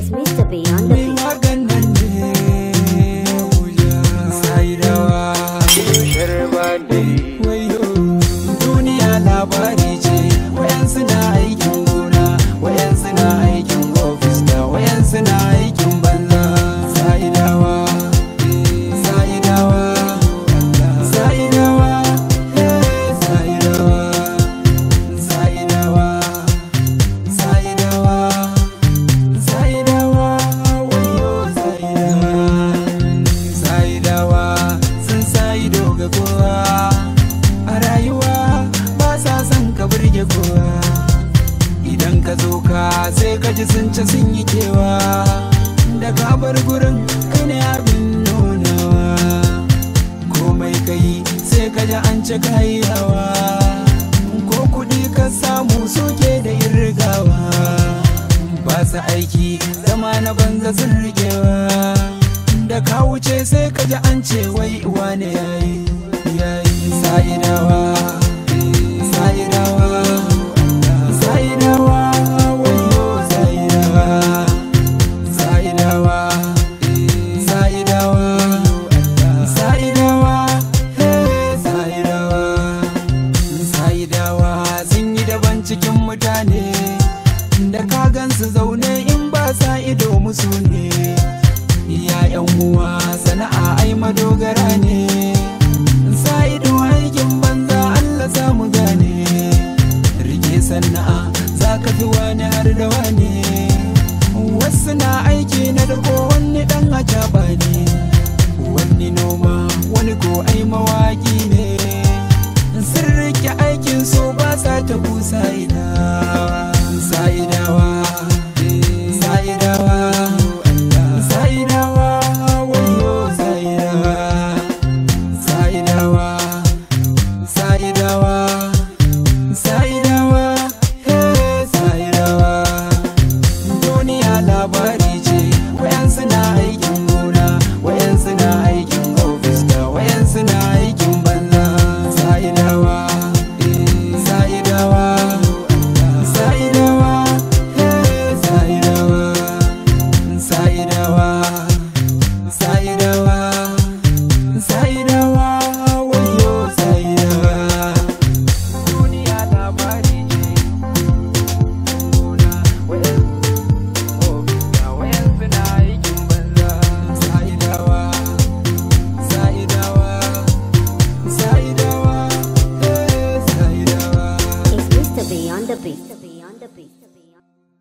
is Mr. Beyond the Beat. kaji ka ji sun ci sun yi kewa da ka bar gurin ka ne abin nunawa komai ka yi sai ka ji an ci kayawa ko kuɗi ka samu soke da yin ba su aiki zama na banza sun rigewa da ka wuce sai ka ji an ce wai wane yayi yayi sa'inawa zaune in ba sa ido musu ne ya uwa sana'a ai madogara ne sa ido aikin banza Allah za mu gane rike sana'a za ka fi wani har da wani wasu na aiki na dako wani dan acaba ne wani noma wani ko ai mawaki ne sun rike aikin so ba sa ta busa ina ka'idawa